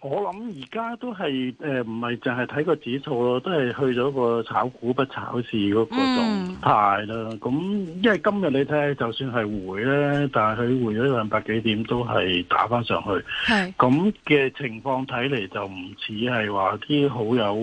我諗而家都係誒，唔係淨係睇個指數咯，都係去咗個炒股不炒市嗰個狀態啦。咁、嗯、因為今日你睇，就算係回咧，但係佢回咗兩百幾點都係打翻上去。係咁嘅情況睇嚟，就唔似係話啲好友，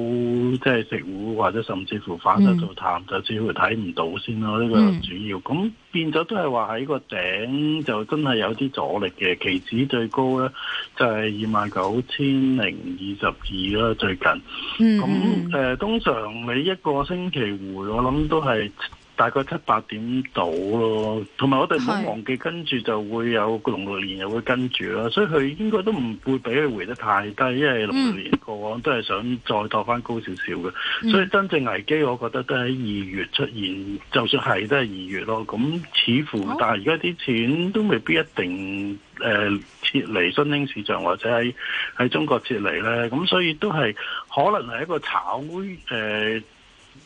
即係食糊或者甚至乎反身做淡，嗯、就似乎睇唔到先咯。呢、這個主要咁。嗯嗯變咗都係話喺個頂就真係有啲阻力嘅，期指最高呢，就係二萬九千零二十二啦，最近。咁誒、嗯嗯呃，通常你一個星期回，我諗都係。大概七八點到咯，同埋我哋唔好忘記是跟住就會有農曆年又會跟住咯，所以佢應該都唔會俾佢回得太低，因為農曆年過往都係想再度翻高少少嘅，嗯、所以真正危機我覺得都喺二月出現，就算係都係二月咯。咁似乎好但係而家啲錢都未必一定誒、呃、撤離新興市場或者喺喺中國撤離咧，咁所以都係可能係一個炒誒。呃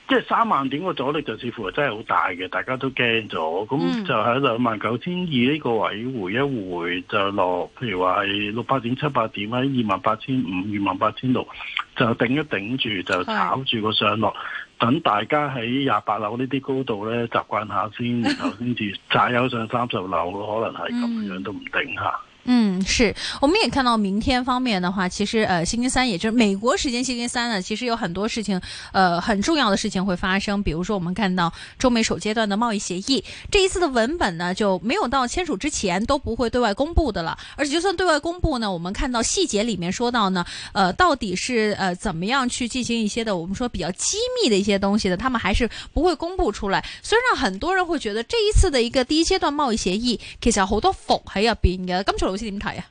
即係三萬點個阻力就似乎真係好大嘅，大家都驚咗，咁、嗯、就喺兩萬九千二呢個位回一回就落，譬如話係六百點、七百點喺二萬八千五、二萬八千六就頂一頂住就炒住個上落，是等大家喺廿八樓呢啲高度咧習慣下先，然後先至揸油上三十樓咯， 可能係咁樣都唔定。吓。嗯，是，我們也看到明天方面的話，其實呃，星期三，也就是美國時間星期三呢，其實有很多事情，呃，很重要的事情會發生。比如說，我們看到中美首階段的貿易協議，這一次的文本呢，就沒有到簽署之前都不會對外公布的了。而且，就算對外公布呢，我們看到細節裏面說到呢，呃，到底是呃怎麼樣去進行一些的我們說比較機密的一些東西的，他們還是不會公布出來。雖然很多人會覺得這一次的一個第一階段貿易協議，其實好多伏喺入邊嘅，咁就。你點睇啊？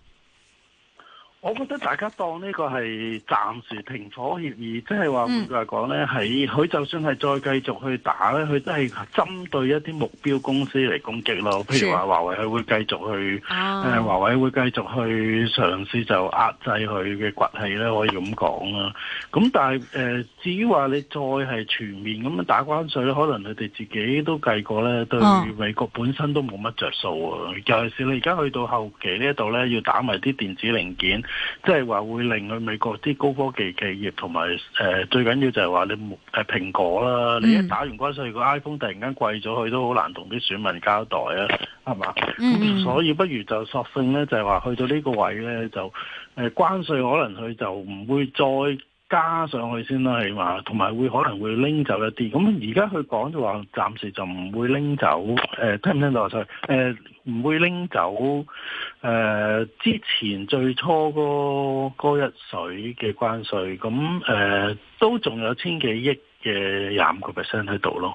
我覺得大家當呢個係暫時停火協議，即係話嚟講咧，係佢、嗯、就算係再繼續去打咧，佢都係針對一啲目標公司嚟攻擊咯。譬如話華為，佢會繼續去、啊啊，華為會繼續去嘗試就壓制佢嘅崛起咧，可以咁講啦。咁但係誒、呃，至於話你再係全面咁樣打關稅咧，可能佢哋自己都計過咧，對美國本身都冇乜着數啊。尤其是你而家去到後期呢一度咧，要打埋啲電子零件。即係話會令佢美國啲高科技企業同埋誒最緊要就係話你冇誒蘋果啦，嗯、你一打完關稅個 iPhone 突然間貴咗佢都好難同啲選民交代啊，係嘛？咁、嗯、所以不如就索性咧，就係話去到呢個位咧，就誒、呃、關稅可能佢就唔會再。加上去先啦，起碼，同埋會可能會拎走一啲，咁而家佢講就話暫時就唔會拎走，誒、呃、聽唔聽到我 s i 唔會拎走誒、呃、之前最初嗰一、嗰個嗰個、水嘅關稅，咁誒、呃、都仲有千幾億嘅廿五個 percent 喺度咯。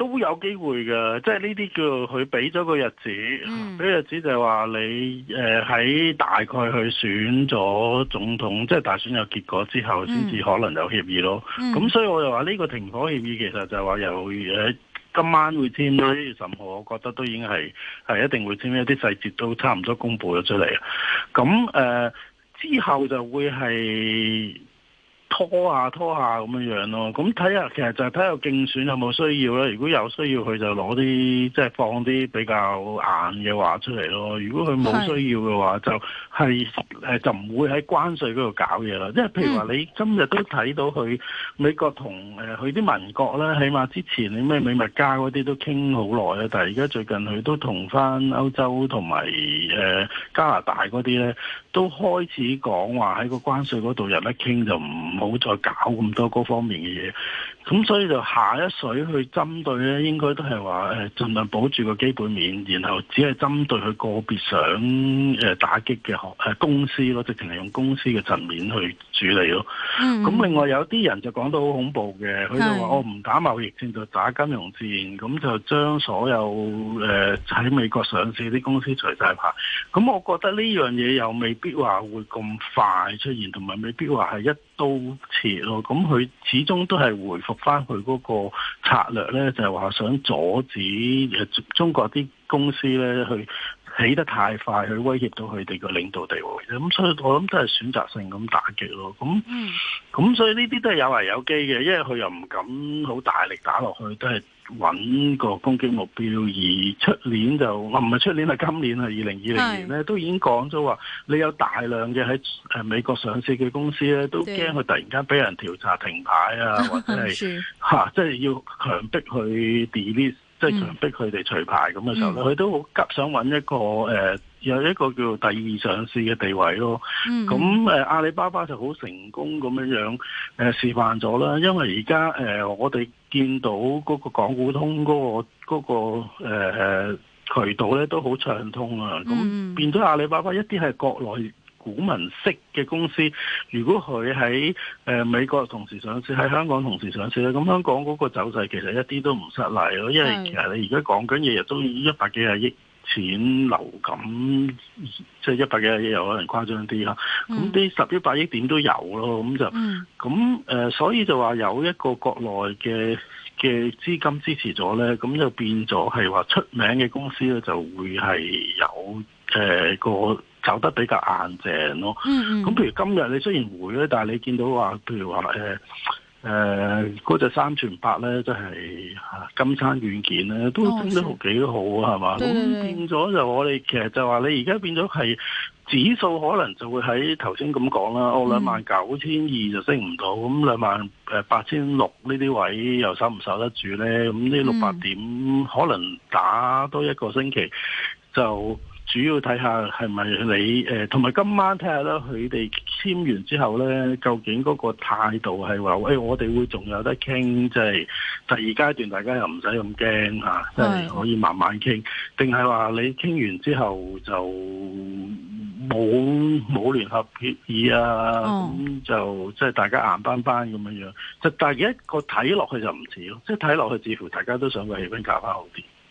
都有機會嘅，即係呢啲叫佢俾咗個日子，俾、嗯、日子就係話你誒喺、呃、大概去選咗總統，即、就、係、是、大選有結果之後，先至、嗯、可能有協議咯。咁、嗯、所以我又話呢個停火協議其實就係話由誒今晚會簽咗一月十號，我覺得都已經係係一定會簽，一啲細節都差唔多公佈咗出嚟。咁誒、呃、之後就會係。拖下拖下咁樣樣咯，咁睇下其實就睇下競選有冇需要啦。如果有需要，佢就攞啲即係放啲比較硬嘅話出嚟咯。如果佢冇需要嘅話，是就係誒就唔會喺關稅嗰度搞嘢啦。即係譬如話，你今日都睇到佢美國同誒佢啲盟國咧，起碼之前你咩美墨加嗰啲都傾好耐啊。但係而家最近佢都同翻歐洲同埋誒加拿大嗰啲咧，都開始講話喺個關稅嗰度入一傾就唔。冇再搞咁多嗰方面嘅嘢，咁所以就下一水去針對咧，應該都係話誒盡量保住個基本面，然後只係針對佢個別想誒打擊嘅學誒公司咯，啊啊，直情係用公司嘅層面去處理咯。咁、嗯、另外有啲人就講到好恐怖嘅，佢就話是我唔打貿易戰就打金融戰，咁就將所有誒喺、呃、美國上市啲公司除晒牌。咁我覺得呢樣嘢又未必話會咁快出現，同埋未必話係一刀。支咯，咁佢，嗯、始終都係回復翻佢嗰個策略咧，就係、是、話想阻止中國啲公司咧去起得太快，去威脅到佢哋個領導地位。咁所以我諗都係選擇性咁打擊咯。咁，咁、嗯、所以呢啲都係有危有機嘅，因為佢又唔敢好大力打落去，都係。揾個攻擊目標，而出年，就我唔係出年係、啊、今年係二零二零年咧，的都已經講咗話，你有大量嘅喺誒美國上市嘅公司咧，都驚佢突然間俾人調查停牌啊， 或者係是嚇、 啊，即係要強迫佢 delete。即係強迫佢哋除牌咁嘅時候咧，佢、嗯、都好急想揾一個誒、呃，有一個叫做第二上市嘅地位咯。咁誒、嗯呃、阿里巴巴就好成功咁樣樣誒、呃、示範咗啦。因為而家誒我哋見到嗰個港股通嗰、嗰個嗰、嗰個呃、渠道咧都好暢通啊。咁、嗯、變咗阿里巴巴一啲係國內。股民式嘅公司，如果佢喺誒美國同時上市，喺香港同時上市咧，咁香港嗰個走勢其實一啲都唔失禮咯，因為其實你而家講緊嘢，日日都一百幾廿億錢流感，即係、嗯、一百幾廿億有可能誇張啲啦。咁啲、嗯、十一百億點都有咯，咁就咁誒、嗯呃，所以就話有一個國內嘅嘅資金支持咗咧，咁就變咗係話出名嘅公司咧就會係有誒、呃、個。走得比較硬淨咯，咁、嗯嗯、譬如今日你雖然回，咧，但係你見到話，譬如話誒誒嗰隻三全八咧，即、就、係、係、金山軟件咧，都升得好幾好啊，係嘛？咁變咗就我哋其實就話你而家變咗係指數，可能就會喺頭先咁講啦，我兩萬九千二就升唔到，咁兩萬誒八千六呢啲位又守唔守得住咧？咁呢六百點可能打多一個星期就，嗯主要睇下係咪你誒，同、呃、埋今晚睇下啦，佢哋簽完之後咧，究竟嗰個態度係話誒，我哋會仲有得傾，即、就、係、是、第二階段，大家又唔使咁驚嚇，即、啊、係是可以慢慢傾，定係話你傾完之後就冇冇聯合協議啊，咁、嗯、就即係、就是、大家硬扳扳咁樣樣，就大家一個睇落去就唔似咯，即係睇落去似乎大家都想為氣氛搞翻好啲。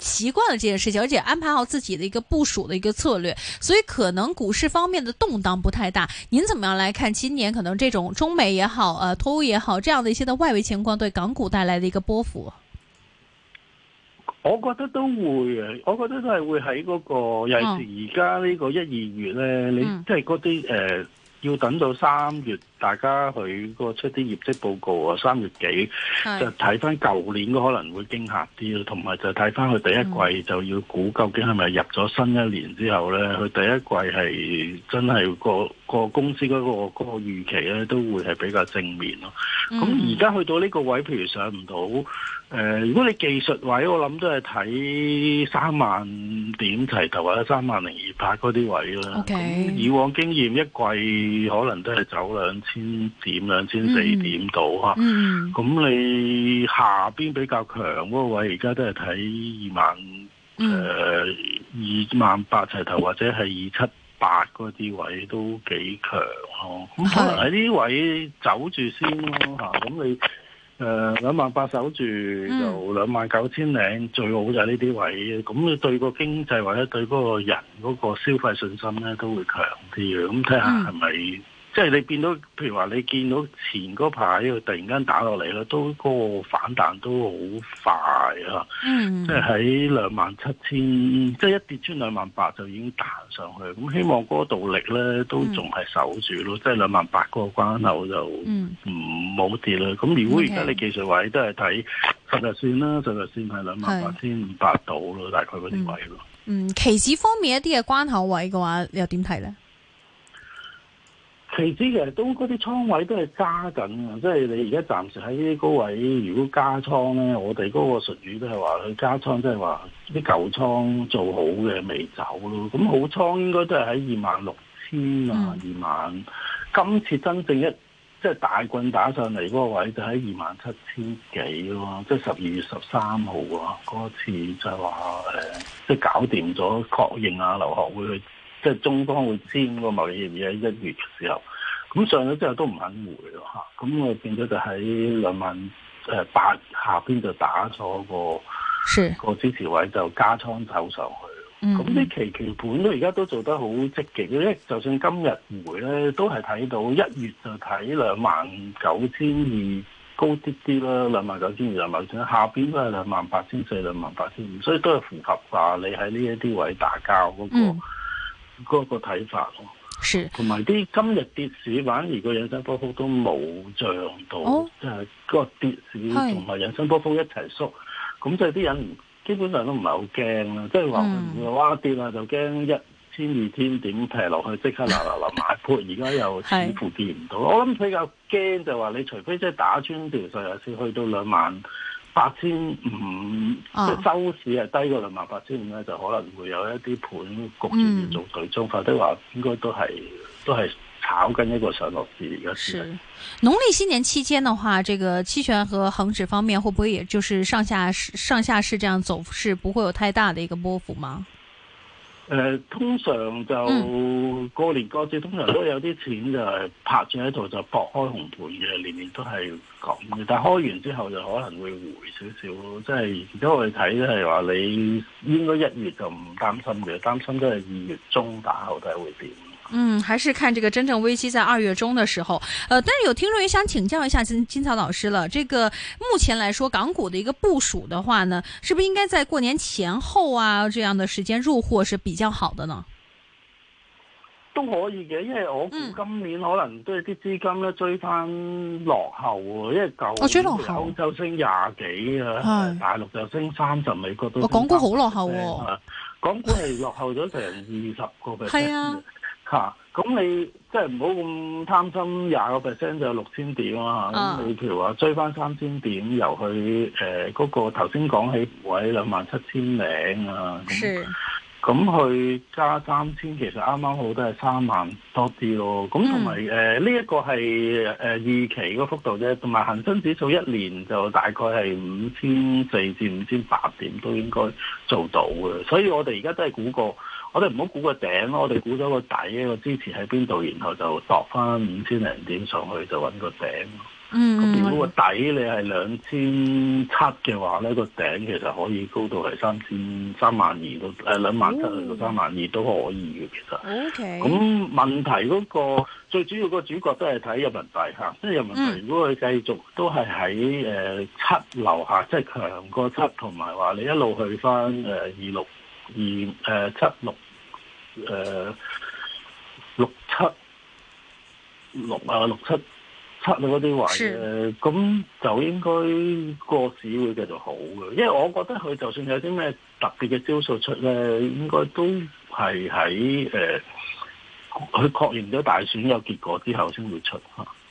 習慣了這件事情，而且安排好自己的一個部署的一個策略，所以可能股市方面的動盪不太大。您怎麼樣來看今年可能這種中美也好，呃，脫歐也好，這樣的一些的外圍情況對港股帶來的一個波幅？我覺得都會，我覺得都係會喺嗰個，尤其是而家呢個一二月咧，嗯、你即係嗰啲誒。呃要等到三月，大家去嗰個出啲業績報告啊，三月幾是就睇翻舊年嗰，可能會驚嚇啲，同埋就睇翻佢第一季、嗯、就要估究竟係咪入咗新一年之後呢？佢第一季係真係個個公司嗰、嗰個嗰個預期呢，都會係比較正面咯。咁而家去到呢個位，譬如上唔到。誒、呃，如果你技術位，我諗都係睇三萬點齊頭或者三萬零二百嗰啲位啦。Okay. 咁以往經驗一季可能都係走兩千點、兩千四點度嚇。咁、嗯嗯、你下邊比較強嗰個位，而家都係睇二萬誒、二萬八齊頭、嗯、或者係二七八嗰啲位都幾強嚇。咁是可能喺呢位走住先咯、啊、嚇。咁、啊、你。誒兩萬八守住就兩萬九千零，最好就係呢啲位。咁你對嗰個經濟或者對嗰個人嗰個消費信心咧都會強啲嘅，咁睇下係咪？Mm hmm. 即係你變到，譬如話你見到前嗰排喺度突然間打落嚟咯，都嗰個反彈都好快啊！嗯、即係喺兩萬七千，即係一跌穿兩萬八就已經彈上去。咁、嗯、希望嗰個動力咧都仲係守住咯，嗯、即係兩萬八嗰個關口就唔冇、嗯、跌啦。咁、嗯、如果而家你技術位都係睇趨勢線啦，趨勢線係兩萬八千五百度咯，大概嗰啲位咯。嗯，期指方面一啲嘅關口位嘅話，你又點睇咧？投資其實都嗰啲倉位都係揸緊啊，即係你而家暫時喺嗰位，如果加倉咧，我哋嗰個術語都係話佢加倉，即係話啲舊倉做好嘅未走咯。咁好倉應該都係喺二萬六千啊，二萬。今次真正一即係大棍打上嚟嗰個位就喺二萬七千幾咯，即係十二月十三號啊，嗰次就係話誒，即係搞掂咗確認啊，留學會去。即係中方會簽個貿易協議喺一月嘅時候，咁上咗之後都唔肯回咯嚇，咁我變咗就喺兩萬誒八下邊就打咗個是個支持位，就加倉走上去。咁呢期期盤都而家都做得好積極，因為就算今日回咧，都係睇到一月就睇兩萬九千二高啲啲啦，兩萬九千二兩萬 9,，下邊咧兩萬八千四兩萬八千五，所以都係符合話你喺呢一啲位打交嗰、那個。嗯嗰個睇法咯，同埋啲今日跌市反而個引伸波幅都冇漲到，即係、哦呃嗰個跌市同埋引伸波幅一齊縮，咁即係啲人基本上都唔係好驚啦，即係話哇跌啊，就驚一千二千點劈落去，即刻嗱嗱嗱買盤，而家又似乎跌唔到，是我諗比較驚就話、是、你除非即係打穿條線，或者去到兩萬八千五，啊、即係收市係低過兩萬八千五咧，就可能會有一啲盤焗住要做對沖，或者話應該都係都係炒緊一個上落市而家先。是農曆新年期間嘅話，這個期權和恒指方面，會不會也就是上下上下市這樣走勢，不會有太大的一個波幅嗎？誒、嗯、通常就過年過節，通常都有啲錢就係拍住喺度，就搏開紅盤嘅，年年都係咁嘅。但開完之後就可能會回少少囉，即係如果我哋睇都係話你應該一月就唔擔心嘅，擔心都係二月中打後底會點。嗯，還是看這個真正危機在二月中的時候。呃，但係有聽眾也想請教一下金金曹老師了。這個目前來說，港股的一個部署的話呢，是不是應該在過年前後啊這樣的時間入貨是比較好的呢？都可以嘅，因為我估今年可能都有啲資金咧追翻落後啊，因為舊歐洲就升廿幾啊，2020, 唉大陸就升三十，美國都 30, 我港股好落後喎，哦，港股係落後咗成二十個比。e r、哎嚇！咁、啊、你即係唔好咁貪心，廿個 percent 就有六千點啊！咁、啊、你譬如啊追翻三千點，由佢誒嗰個頭先講起位兩萬七千名啊！咁咁去加三千，其實啱啱好都係三萬多啲咯、啊。咁同埋誒呢一個係誒、呃、二期嗰個幅度啫，同埋恒生指數一年就大概係五千四至五千八點都應該做到嘅。所以我哋而家都係估過。我哋唔好估個頂咯，我哋估咗個底個支持喺邊度，然後就度翻五千零點上去就揾個頂。嗯，如果個底你係兩千七嘅話咧，個頂其實可以高到嚟三千三萬二到誒兩萬七去到三萬二都可以嘅其實。O K、哦。咁、okay. 問題嗰、那個最主要個主角都係睇人民幣嚇，因為人民幣如果佢繼續都係喺誒七樓下，即係強過七，同埋話你一路去翻誒二六。呃二誒、呃、七六誒六七六啊六七七啊嗰啲位誒，咁的、呃、就應該個市會繼續好嘅，因為我覺得佢就算有啲咩特別嘅招數出咧，應該都係喺誒，佢、呃、確認咗大選有結果之後先會出嚇。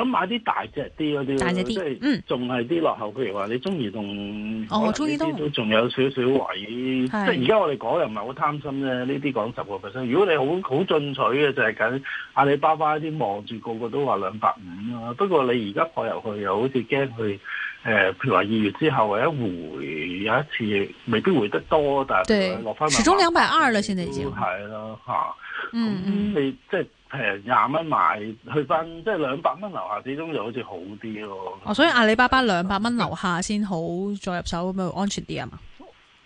咁買啲大隻啲嗰啲，即係仲係啲落後。譬、嗯、如話，你中移動，哦中移都仲有少少位。的即係而家我哋講又唔係好貪心咧，呢啲講十個 percent。如果你好好進取嘅就係緊阿里巴巴啲，望住個個都話兩百五啦。不過你而家入去又好似驚佢。誒，譬、呃、如話二月之後，一回有一次未必回得多，但係落翻嚟始終兩百，都係咯嚇。咁你即係誒廿蚊買，去翻即係兩百蚊樓下，始終又好似好啲咯。哦，所以阿里巴巴兩百蚊樓下先好再入手咁樣、嗯、安全啲啊嘛。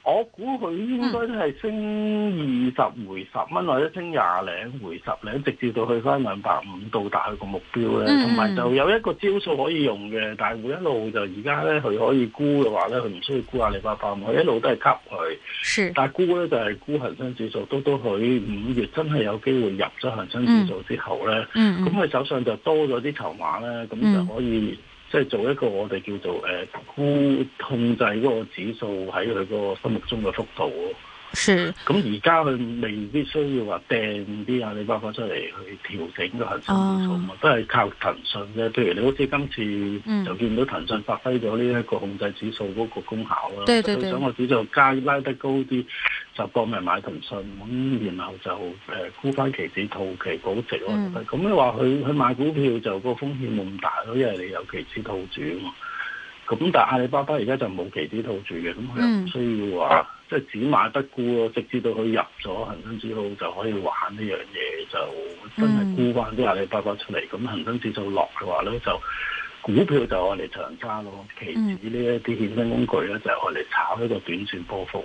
我估佢應該都係升二十回十蚊，嗯、或者升廿零回十零，直至到去翻兩百五，到達佢個目標咧。同埋、嗯嗯、就有一個招數可以用嘅，但係一路就而家咧，佢可以沽嘅話咧，佢唔需要沽阿里巴巴，佢一路都係吸佢。是但係沽咧就係沽恒生指數。都都佢五月真係有機會入咗恒生指數之後咧，咁佢、嗯嗯嗯、手上就多咗啲籌碼咧，咁、嗯、就可以。即係做一個我哋叫做誒控、呃、控制嗰個指數喺佢嗰個心目中嘅幅度喎。是。咁而家佢未必需要話掟啲阿里巴巴出嚟去調整個恆生指數嘛？哦、都係靠騰訊啫。譬如你好似今次就見到、嗯、騰訊發揮咗呢一個控制指數嗰個功效啦。對對，對，對。想個指數加拉得高啲。就搏命買騰訊，咁、嗯、然後就誒沽翻期指套期保值咯。咁你話佢佢買股票就個風險冇咁大咯，因為你有期指套住啊嘛。咁但阿里巴巴而家就冇期指套住嘅，咁佢又唔需要啊，即係只買不沽咯。直至到佢入咗恒生指數就可以玩呢樣嘢，就真係沽翻啲阿里巴巴出嚟。咁恒、嗯、生指數落嘅話咧，就股票就愛嚟長揸咯，期指呢一啲衍生工具咧就愛、是、嚟炒一個短線波幅。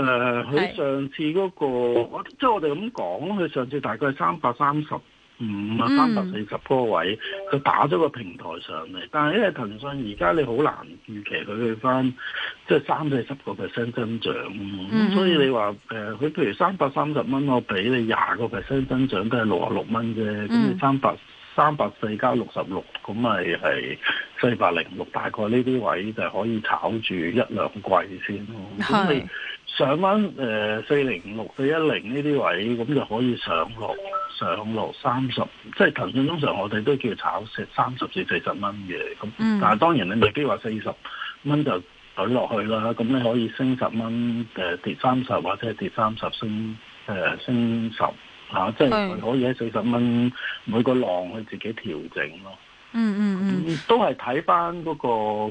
誒佢、呃、上次嗰、那個，是即係我哋咁講，佢上次大概三百三十五啊，三百四十個位，佢打咗個平台上嚟。但係因為騰訊而家你好難預期佢去翻即係三四十個 percent 增長、嗯、所以你話誒，佢、呃、譬如三百三十蚊，我俾你廿個 percent 增長，都係六十六蚊啫。咁三百三百四加六十六，咁咪係四百零六，66, 6, 大概呢啲位就可以炒住一兩季先咯。咁你是？上翻誒四零五六四一零呢啲位，咁就可以上落上落三十，即係騰訊通常我哋都叫炒成三十至四十蚊嘅，咁、嗯、但係當然你未必話四十蚊就舉落去啦，咁你可以升十蚊誒跌三十或者跌三十升誒、呃、升十吓、啊，即係可以喺四十蚊每個浪去自己調整咯。嗯嗯嗯，嗯嗯都係睇翻嗰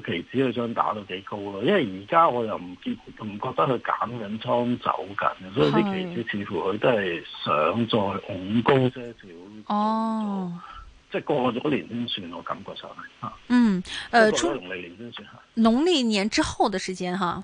個期指佢想打到幾高咯，因為而家我又唔見唔覺得佢減緊倉走緊，所以啲期指似乎佢都係想再拱高少少。哦，即係過咗年先算，我感覺上係。嗯，誒、呃，出、呃、農曆年先算嚇。農曆年之後嘅時間吓。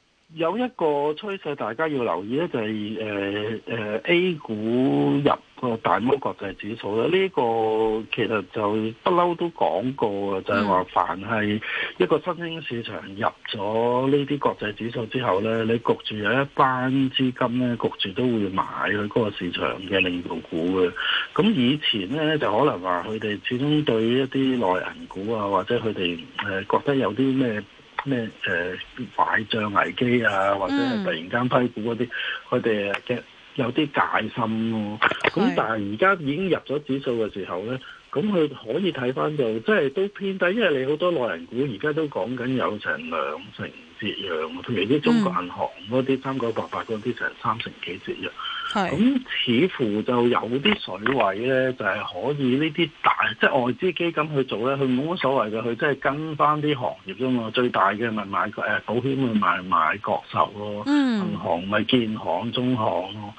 有一個趨勢大家要留意咧，就係誒誒 A 股入個大摩國際指數咧。呢、這個其實就不嬲都講過啊，就係、是、話凡係一個新興市場入咗呢啲國際指數之後咧，你焗住有一班資金咧，焗住都會買佢嗰個市場嘅領導股嘅。咁以前咧就可能話佢哋始終對一啲內銀股啊，或者佢哋誒覺得有啲咩？咩誒壞賬危機啊，或者係突然間批股嗰啲，佢哋嘅有啲戒心咯、啊。咁是但係而家已經入咗指數嘅時候咧，咁佢可以睇翻到，即係都偏低，因為你好多內銀股而家都講緊有成兩成折讓，特別啲中國銀行嗰啲、嗯、三九八八嗰啲，成三成幾折讓。咁是似乎就有啲水位咧，就係、是、可以呢啲大即係外資基金去做咧，佢冇乜所謂嘅，佢即係跟翻啲行業啫嘛。最大嘅咪買誒保險咪買、買國壽咯，銀行咪建行、中行咯。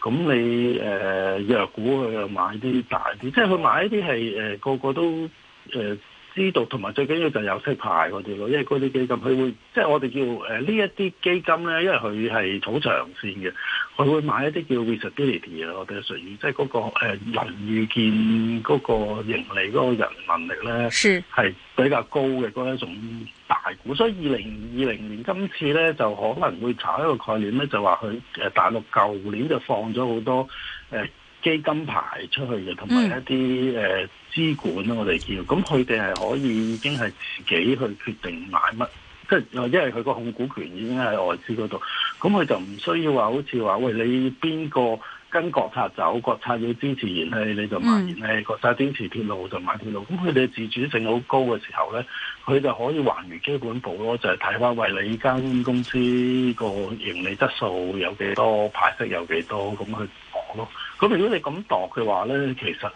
咁你誒弱股佢又買啲大啲，即係佢買啲係誒個個都誒。呃呢度同埋最緊要就有息派嗰啲咯，因為嗰啲基金佢會，即係我哋叫誒呢一啲基金咧，因為佢係好長線嘅，佢會買一啲叫 visibility 啊，我哋係屬於即係、那、嗰個誒能預見嗰個盈利嗰個人能力咧，係是比較高嘅嗰一種大股，所以二零二零年今次咧就可能會炒一個概念咧，就話佢誒大陸舊年就放咗好多誒。呃基金排出去嘅，同埋一啲誒、呃、 資管我哋叫咁，佢哋係可以已經係自己去決定買乜，即係因為佢個控股權已經喺外資嗰度，咁佢就唔需要話好似話喂，你邊個跟國策走，國策要支持燃氣你就買燃氣， 國策支持鐵路就買鐵路。咁佢哋自主性好高嘅時候咧，佢就可以還原基本盤基本步咯，就係睇翻喂，你間公司個盈利質素有幾多，派息有幾多，咁去講咯。咁如果你咁度嘅話咧，其實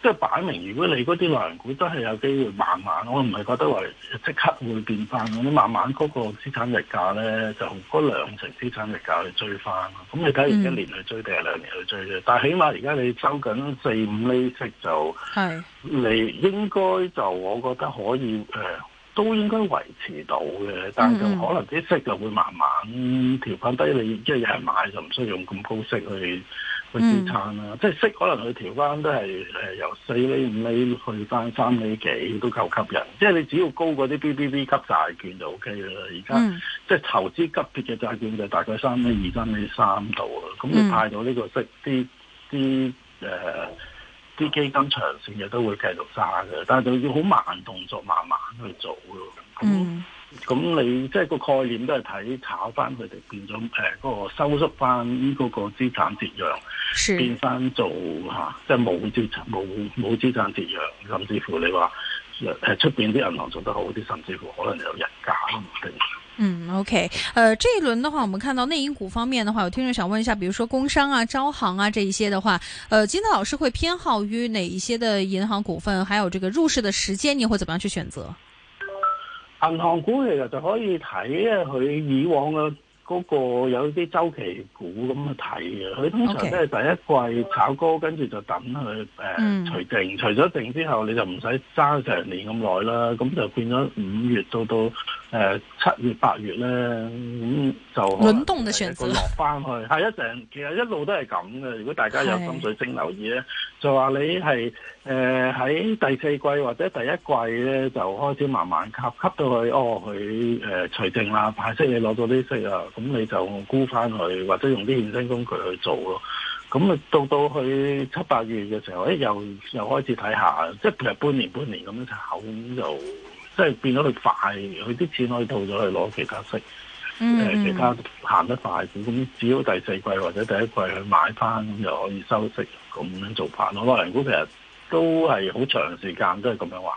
即係、就是、擺明，如果你嗰啲藍股真係有機會慢慢，我唔係覺得話即刻會變翻。咁你慢慢嗰個資產溢價咧，就嗰兩成資產溢價去追翻。咁你睇下，一年去追定係、嗯、兩年去追啫。但係起碼而家你收緊四五厘息就，是你應該就我覺得可以誒、呃，都應該維持到嘅。但係就可能啲息就會慢慢調翻低。嗯嗯，你即係有人買就唔需要用咁高息去。個支撐啦，嗯、即係息可能佢調翻都係誒、呃、由四厘五厘去翻三厘幾都夠吸引，即係你只要高過啲 BBB 級債券就 OK 啦。而家、嗯、即係投資級別嘅債券就大概三厘二、三厘三度啦。咁你派到呢個息啲啲誒啲基金長線嘅都會繼續揸嘅，但係就要好慢動作，慢慢去做咯。咁你即係個概念都係睇炒翻佢哋，變咗誒嗰個收縮翻嗰個資產疊揚，變翻做嚇，即係冇資產冇冇資產疊揚，甚至乎你話誒出邊啲銀行做得好啲，甚至乎可能有人減。嗯，OK，誒這一輪的話，我們看到內銀股方面的話，有聽眾想問一下，比如說工商啊、招行啊、這一些的話，誒金曹老師會偏好於哪一些的銀行股份，還有這個入市的時間，你會怎麼樣去選擇？銀行股其實就可以睇啊，佢以往嘅嗰個有啲周期股咁去睇嘅，佢通 Okay. 常都係第一季炒高，跟住就等佢誒除定，除咗定之後你就唔使揸成年咁耐啦，咁就變咗五月到到。誒、呃、七月八月咧，咁、嗯、就輪動嘅落翻去係一成，其實一路都係咁嘅。如果大家有心水精留意咧，的就話你係誒喺第四季或者第一季咧就開始慢慢吸吸到去哦，佢誒除淨啊派息，你攞到啲息啊，咁、嗯、你就沽翻佢或者用啲衍生工具去做咯。咁、嗯、啊到到去七八月嘅時候，誒、欸、又又開始睇下，即係譬如半年半年咁樣就炒咁就。即係變咗佢快，佢啲錢可以套咗去攞其他息，誒、mm. 呃、其他行得快，咁只要第四季或者第一季去買翻，咁就可以收息，咁樣做法咯。萬寧股其實都係好長時間都係咁樣玩。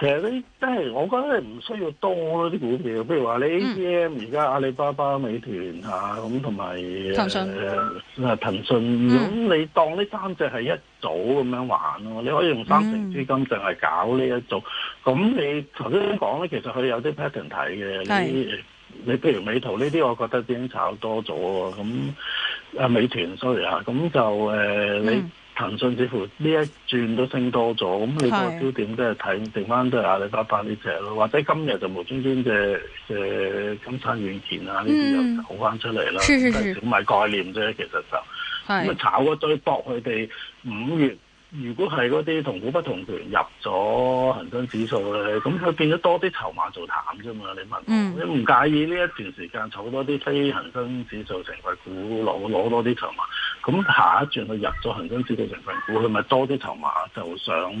其實呢，真係，我覺得你唔需要多啲股票，譬如話你 A P M 而家阿里巴巴、美團啊，咁同埋騰訊，騰訊咁你當呢三隻係一組咁樣玩咯，你可以用三成資金淨係搞呢一組。咁、嗯、你頭先講咧，其實佢有啲 pattern 睇嘅是，你譬如美圖呢啲，我覺得已經炒多咗啊。咁啊，美團 sorry 啊，咁就誒你。嗯騰訊似乎呢一轉都升多咗，咁你個焦點都係睇是剩翻都係阿里巴巴呢隻咯。或者今日就無端端嘅嘅金山軟件啊呢啲又炒翻出嚟啦，小米、嗯、概念啫，其實就咁是炒嗰堆博佢哋五月如果係嗰啲同股不同權入咗恒生指數咧，咁佢變咗多啲籌碼做淡啫嘛，你問、嗯、你唔介意呢一段時間炒多啲非恒生指數成分股攞攞多啲籌碼？咁下一轉佢入咗恒生指數成份股，佢咪多啲籌碼，就想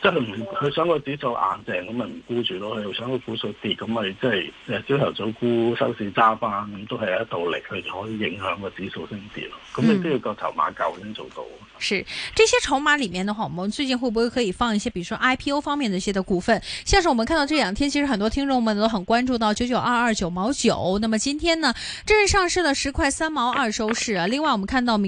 即係佢想個指數硬淨，咁咪唔沽住咯。佢又想個股數跌，咁咪即係誒朝頭早沽，收市揸翻，咁都係有一道力，佢可以影響個指數升跌咯。咁你都要個籌碼夠先做到。是這些籌碼裡面的話，我們最近會不會可以放一些，比如說 IPO 方面的一些的股份？像是我們看到這兩天，其實很多聽眾們都很關注到九九二二九毛九。那麼今天呢，正式上市了十塊三毛二收市啊。另外，我們看到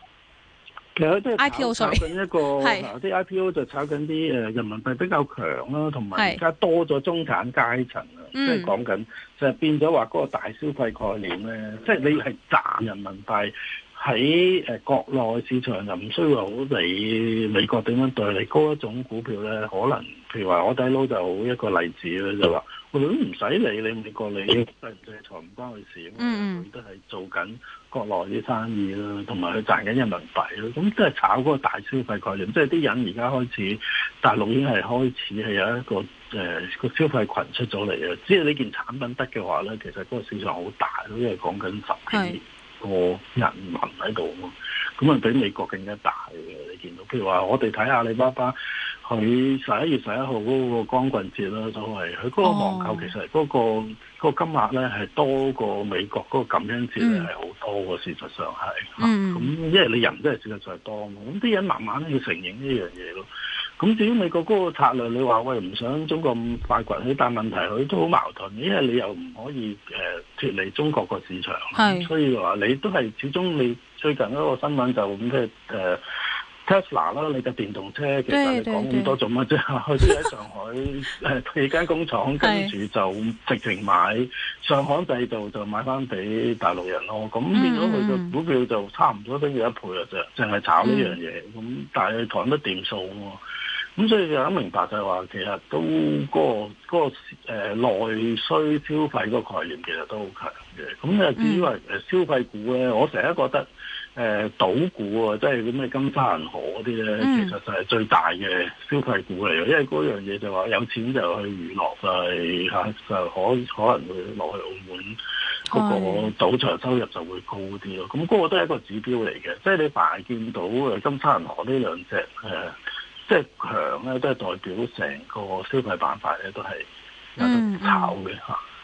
其實都係 IPO sorry. 炒緊一個，啲 是 IPO 就炒緊啲誒人民幣比較強啦、啊，同埋而家多咗中產階層啊，即係講緊就變咗話嗰個大消費概念咧，即、就、係、是、你係賺人民幣喺誒國內市場又唔需要好理美國點樣對你嗰一種股票咧，可能譬如話海底撈就好一個例子啦，就話我哋都唔使理你,你美國你制裁唔關我事，佢、嗯、都係做緊。國內啲生意啦，同埋佢賺緊人民幣咯，咁都係炒嗰個大消費概念，即係啲人而家開始大陸已經係開始係有一個誒個、呃、消費群出咗嚟啦。只要呢件產品得嘅話咧，其實嗰個市場好大，因為講緊十幾個人民喺度啊嘛，咁啊是比美國更加大嘅。你見到譬如話，我哋睇阿里巴巴。佢十一月十一號嗰個光棍節啦，所謂佢嗰個網購其實係嗰個金額咧係多過美國嗰個感恩節係好多嘅，嗯、事實上係。嗯。咁因為你人真係事實上係多，咁啲人慢慢要承認呢樣嘢咯。咁至於美國嗰個策略，你話喂唔想中國咁快崛起，但問題佢都好矛盾，因為你又唔可以誒脫、呃、離中國個市場。係是。所以話你都係，始終你最近嗰個新聞就咁嘅誒。呃呃 Tesla 啦，你嘅電動車其實你講咁多做乜啫？佢先喺上海誒起 間工廠，跟住就直情買是上海制度就買翻俾大陸人咯。咁、嗯、變咗佢嘅股票就差唔多都要一倍啊！啫，淨係炒呢樣嘢。咁但係講得掂數喎。咁所以就諗明白就係話，其實都嗰、嗰個嗰、嗰個、嗰個呃、內需消費個概念其實都好強嘅。咁誒至於話消費股咧，我成日覺得。誒、呃、賭股啊，即係咁咩金沙銀河嗰啲咧，嗯、其實就係最大嘅消費股嚟嘅，因為嗰樣嘢就話有錢就去娛樂，就係、是、嚇、啊、就可可能會落去澳門嗰個賭場收入就會高啲咯。咁嗰、嗯、個都係一個指標嚟嘅，即係你凡係見到誒金沙銀河呢兩隻誒，即、啊、係、就是、強咧，都係代表成個消費板塊咧都係有得炒嘅嚇。嗯。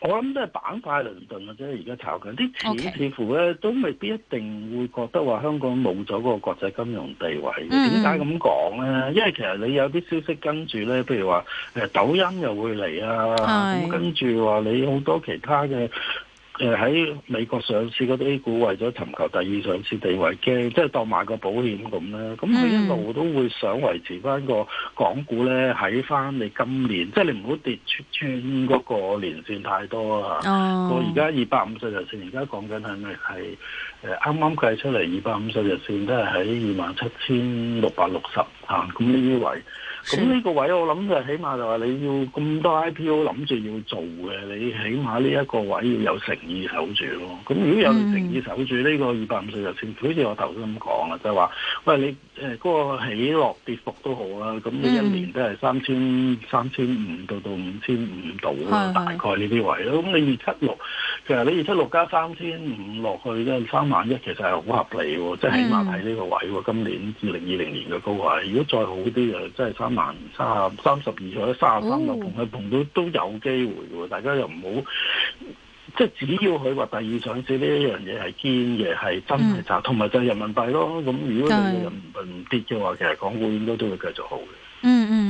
我諗都係板塊輪動嘅啫，而家炒緊啲市，錢似乎咧都未必一定會覺得話香港冇咗個國際金融地位嘅。點解咁講咧？因為其實你有啲消息跟住咧，譬如話誒抖音又會嚟啊，咁的跟住話你好多其他嘅。誒喺美國上市嗰啲 A 股為咗尋求第二上市地位嘅，即係當買個保險咁啦。咁佢一路都會想維持翻個港股咧，喺翻你今年，即係你唔好跌穿嗰個年線太多啊。我而家二百五十日線，而家講緊係咪係誒啱啱計出嚟二百五十日線都係喺二萬七千六百六十啊。咁呢啲位。咁呢個位我諗就係起碼就話你要咁多 IPO 諗住要做嘅，你起碼呢一個位要有誠意守住咯。咁如果有嘅誠意守住呢、嗯、個二百五十日線，好似我頭先咁講啦，就係、是、話，喂你誒嗰個起落跌幅都好啦，咁你一年都係三千三千五到到五千五到大概呢啲位咯。咁是你二七六，其實你二七六加三千五落去都係三萬一，其實係好合理喎，即係、嗯、起碼喺呢個位喎。今年二零二零年嘅高位，如果再好啲就真係三。三三十二或者三十三，同佢碰到都有機會喎。大家又唔好，即係只要佢話第二上市呢一樣嘢係堅嘅，係真係渣，同埋、mm. 就係人民幣咯。咁如果你哋人民幣唔跌嘅話，其實港股應該都會繼續好嘅。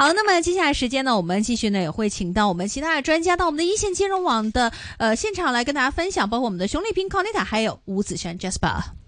好，那麼接下來時間呢，我們繼續呢，也會請到我們其他的專家到我們的一線金融網的，呃，現場來跟大家分享，包括我們的熊麗萍、康妮塔，還有吳子軒、Jasper。